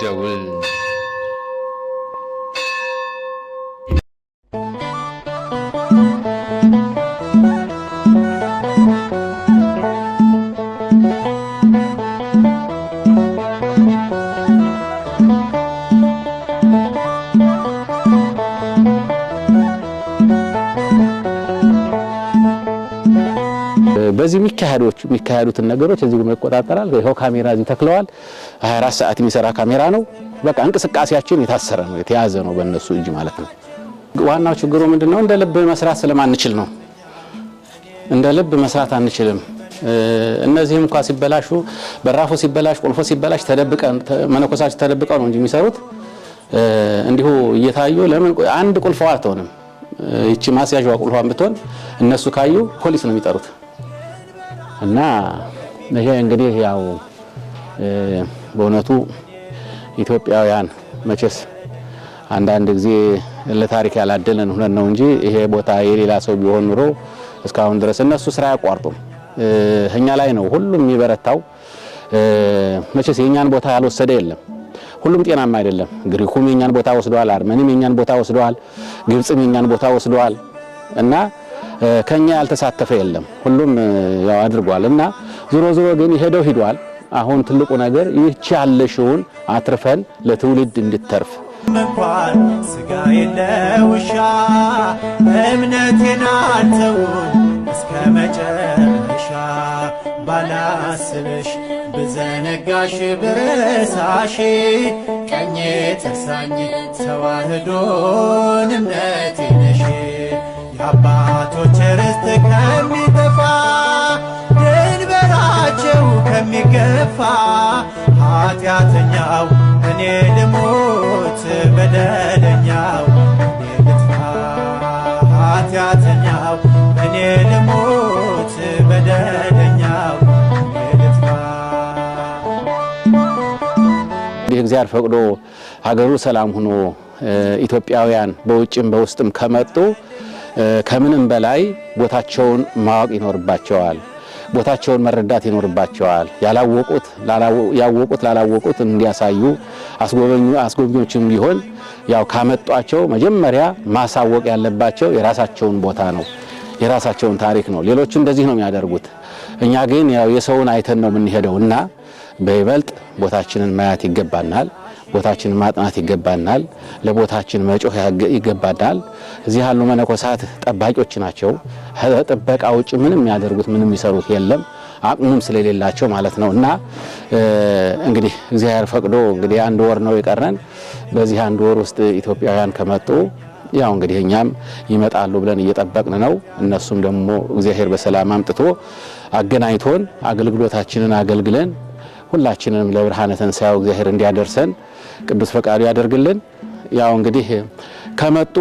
就是 በዚህ የሚካሄዶች የሚካሄዱትን ነገሮች እዚህ ይቆጣጠራል። ይኸው ካሜራ እዚህ ተክለዋል። 24 ሰዓት የሚሰራ ካሜራ ነው። በቃ እንቅስቃሴያችን የታሰረ ነው፣ የተያዘ ነው በእነሱ እጅ ማለት ነው። ዋናው ችግሩ ምንድን ነው? እንደ ልብ መስራት ስለማንችል ነው። እንደ ልብ መስራት አንችልም። እነዚህም እንኳ ሲበላሹ፣ በራፎ ሲበላሽ፣ ቁልፎ ሲበላሽ ተደብቀን መነኮሳች ተደብቀው ነው እንጂ የሚሰሩት እንዲሁ እየታዩ ለምን አንድ ቁልፎ አትሆንም? ይቺ ማስያዣዋ ቁልፏን ብትሆን እነሱ ካዩ ፖሊስ ነው የሚጠሩት። እና ይሄ እንግዲህ ያው በእውነቱ ኢትዮጵያውያን መቼስ አንዳንድ ጊዜ ለታሪክ ያላደለን ሁነን ነው እንጂ ይሄ ቦታ የሌላ ሰው ቢሆን ኑሮ እስካሁን ድረስ እነሱ ስራ አያቋርጡም። እኛ ላይ ነው ሁሉም የሚበረታው። መቼስ የእኛን ቦታ ያልወሰደ የለም። ሁሉም ጤናማ አይደለም። ግሪኩም የእኛን ቦታ ወስደዋል፣ አርመንም የእኛን ቦታ ወስደዋል፣ ግብፅም የእኛን ቦታ ወስደዋል እና ከኛ ያልተሳተፈ የለም። ሁሉም ያው አድርጓል እና ዞሮ ዞሮ ግን ሄደው ሂዷል። አሁን ትልቁ ነገር ይህች ያለሽውን አትርፈን ለትውልድ እንድተርፍ እንኳን ስጋ ውሻ እምነቴን አልተውን እስከ መጨረሻ ባላስብሽ ብዘነጋሽ ብረሳሽ ቀኝ ተሳኝ ተዋህዶን እምነቴ ነሽ ያባ ይጥፋ ኃጢአተኛው እኔ ልሙት በደለኛው እኔ ልጥፋ ኃጢአተኛው እኔ ልሙት በደለኛው እኔ ልጥፋ። እንዲህ እግዚአብሔር ፈቅዶ ሀገሩ ሰላም ሆኖ ኢትዮጵያውያን በውጭም በውስጥም ከመጡ ከምንም በላይ ቦታቸውን ማወቅ ይኖርባቸዋል። ቦታቸውን መረዳት ይኖርባቸዋል። ያላወቁት ያወቁት ላላወቁት እንዲያሳዩ አስጎበኙ አስጎብኞችም ቢሆን ያው ካመጧቸው መጀመሪያ ማሳወቅ ያለባቸው የራሳቸውን ቦታ ነው፣ የራሳቸውን ታሪክ ነው። ሌሎቹ እንደዚህ ነው የሚያደርጉት። እኛ ግን ያው የሰውን አይተን ነው የምንሄደው እና በይበልጥ ቦታችንን ማየት ይገባናል። ቦታችን ማጥናት ይገባናል። ለቦታችን መጮህ ይገባናል። እዚህ ያሉ መነኮሳት ጠባቂዎች ናቸው። ጥበቃ ውጭ ምንም የሚያደርጉት ምንም የሚሰሩት የለም አቅሙም ስለሌላቸው ማለት ነው። እና እንግዲህ እግዚአብሔር ፈቅዶ እንግዲህ አንድ ወር ነው የቀረን። በዚህ አንድ ወር ውስጥ ኢትዮጵያውያን ከመጡ ያው እንግዲህ እኛም ይመጣሉ ብለን እየጠበቅን ነው። እነሱም ደግሞ እግዚአብሔር በሰላም አምጥቶ አገናኝቶን አገልግሎታችንን አገልግለን ሁላችንም ለብርሃነ ትንሣኤው እግዚአብሔር እንዲያደርሰን ቅዱስ ፈቃዱ ያደርግልን። ያው እንግዲህ ከመጡ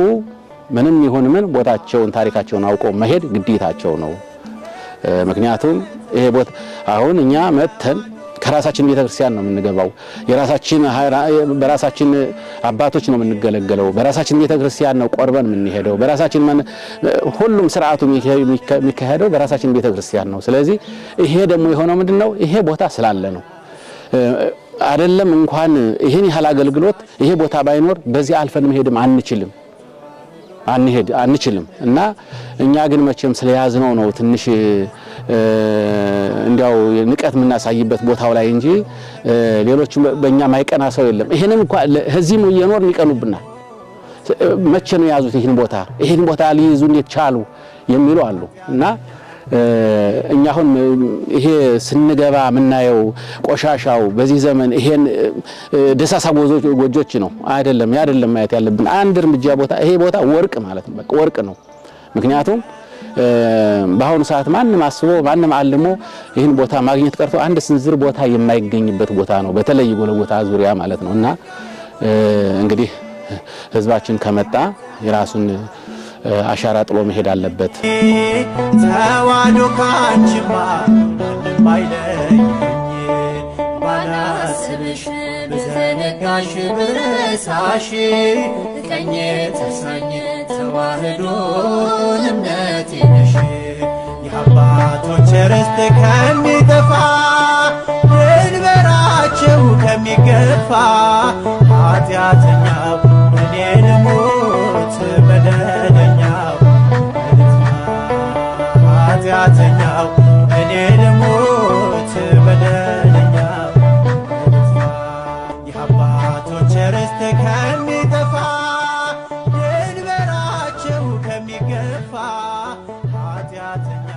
ምንም ይሁን ምን ቦታቸውን ታሪካቸውን አውቀው መሄድ ግዴታቸው ነው። ምክንያቱም ይሄ ቦታ አሁን እኛ መተን ከራሳችን ቤተክርስቲያን ነው የምንገባው። የራሳችን በራሳችን አባቶች ነው የምንገለገለው። በራሳችን ቤተክርስቲያን ነው ቆርበን የምንሄደው። በራሳችን ሁሉም ስርዓቱ የሚካሄደው በራሳችን ቤተክርስቲያን ነው። ስለዚህ ይሄ ደግሞ የሆነው ምንድን ነው? ይሄ ቦታ ስላለ ነው። አይደለም እንኳን ይህን ያህል አገልግሎት ይሄ ቦታ ባይኖር በዚህ አልፈን መሄድም አንችልም አንሄድ አንችልም እና እኛ ግን መቼም ስለያዝነው ነው ትንሽ እንዲያው ንቀት የምናሳይበት ቦታው ላይ እንጂ ሌሎች በእኛ ማይቀና ሰው የለም። ይሄንም እንኳን እዚህም እየኖርን ይቀኑብናል። መቼ ነው የያዙት ይህን ቦታ ይህን ቦታ ሊይዙ እንዴት ቻሉ የሚሉ አሉ እና እኛ አሁን ይሄ ስንገባ የምናየው ቆሻሻው በዚህ ዘመን ይሄን ደሳሳ ጎጆች ነው አይደለም፣ አይደለም ማየት ያለብን አንድ እርምጃ ቦታ ይሄ ቦታ ወርቅ ማለት ነው፣ በቃ ወርቅ ነው። ምክንያቱም በአሁኑ ሰዓት ማንም አስቦ ማንም አልሞ ይህን ቦታ ማግኘት ቀርቶ አንድ ስንዝር ቦታ የማይገኝበት ቦታ ነው፣ በተለይ ጎለጎታ ዙሪያ ማለት ነው። እና እንግዲህ ህዝባችን ከመጣ የራሱን አሻራ ጥሎ መሄድ አለበት። ተዋዶ ካንችማ ባይለኝ ባላስብሽ ብዘነጋሽ ብረሳሽ ቀኜ ተሳኝ ተዋህዶን እምነት ነሽ የአባቶች ርስት ከሚጠፋ ድንበራቸው ከሚገፋ God's